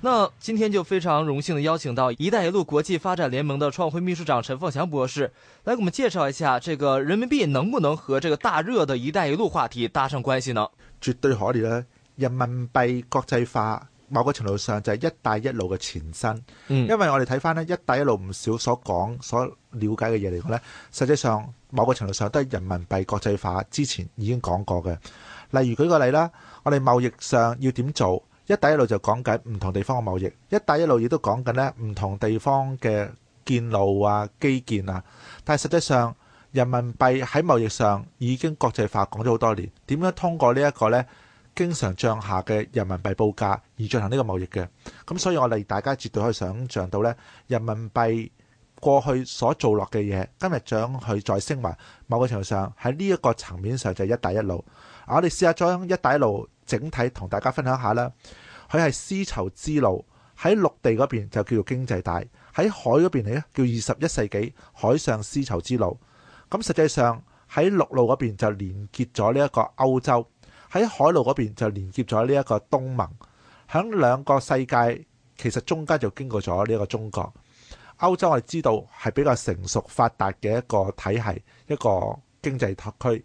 那今天就非常榮幸地邀請到“一帶一路”國際發展聯盟的創會秘書長陳鳳翔博士，來給我們介紹一下，這個人民幣能不能和這個大熱的一帶一路話題搭上關係呢？絕對可以啦！人民幣國際化，某個程度上就係“一帶一路”的前身。嗯，因為我哋睇翻咧，“一帶一路”唔少所講、所了解嘅嘢嚟講咧，實際上某個程度上都係人民幣國際化之前已經講過嘅。例如舉個例啦，我哋貿易上要點做？一帶一路就講緊唔同地方嘅貿易，一帶一路亦都講緊呢唔同地方嘅建路啊、基建啊。但係實際上，人民幣喺貿易上已經國際化講咗好多年。點樣通過呢一個呢經常漲下嘅人民幣報價而進行呢個貿易嘅？咁所以我哋大家絕對可以想像到呢人民幣過去所做落嘅嘢，今日將佢再升華，某個程度上喺呢一個層面上就係一帶一路。我哋試下將一帶一路。整體同大家分享下啦，佢係絲綢之路喺陸地嗰邊就叫做經濟帶，喺海嗰邊嚟呢叫二十一世紀海上絲綢之路。咁實際上喺陸路嗰邊就連結咗呢一個歐洲，喺海路嗰邊就連結咗呢一個東盟。響兩個世界其實中間就經過咗呢一個中國。歐洲我哋知道係比較成熟發達嘅一個體系，一個經濟特區。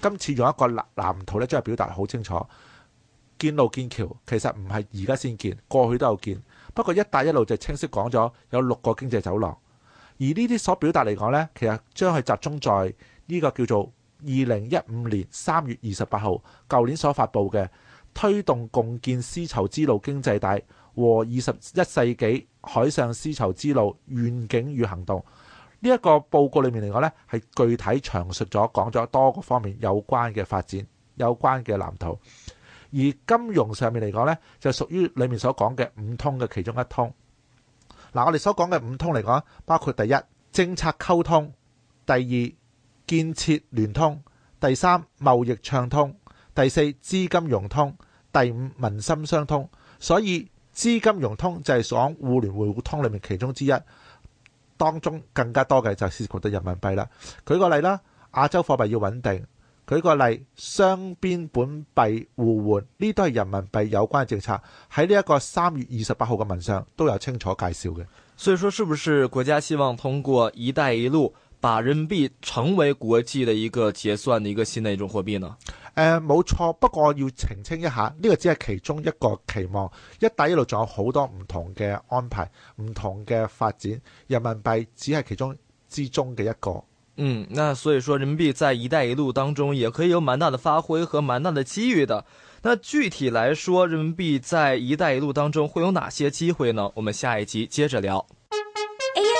今次用一個藍圖咧，將佢表達好清楚。建路建橋其實唔係而家先建，過去都有建。不過一帶一路就清晰講咗，有六個經濟走廊。而呢啲所表達嚟講呢，其實將係集中在呢個叫做二零一五年三月二十八號舊年所發布嘅推動共建絲綢之路經濟帶和二十一世紀海上絲綢之路願景與行動。呢一個報告裏面嚟講呢，係具體詳述咗講咗多個方面有關嘅發展、有關嘅藍圖。而金融上面嚟講呢，就屬於裡面所講嘅五通嘅其中一通。嗱，我哋所講嘅五通嚟講，包括第一政策溝通，第二建設聯通，第三貿易暢通，第四資金融通，第五民心相通。所以資金融通就係講互聯互通裏面其中之一。當中更加多嘅就係涉及到人民幣啦。舉個例啦，亞洲貨幣要穩定。舉個例，雙邊本幣互換呢都係人民幣有關嘅政策，喺呢一個三月二十八號嘅文上都有清楚介紹嘅。所以說，是不是國家希望通過一帶一路，把人民幣成為國際的一個結算的一個新的一種貨幣呢？誒、呃，冇錯，不過要澄清一下，呢、這個只是其中一個期望。一帶一路仲有好多唔同嘅安排，唔同嘅發展，人民幣只係其中之中嘅一個。嗯，那所以說人民幣在一帶一路當中也可以有蠻大的發揮和蠻大嘅機遇的。那具體來說，人民幣在一帶一路當中會有哪些機會呢？我們下一集接着聊。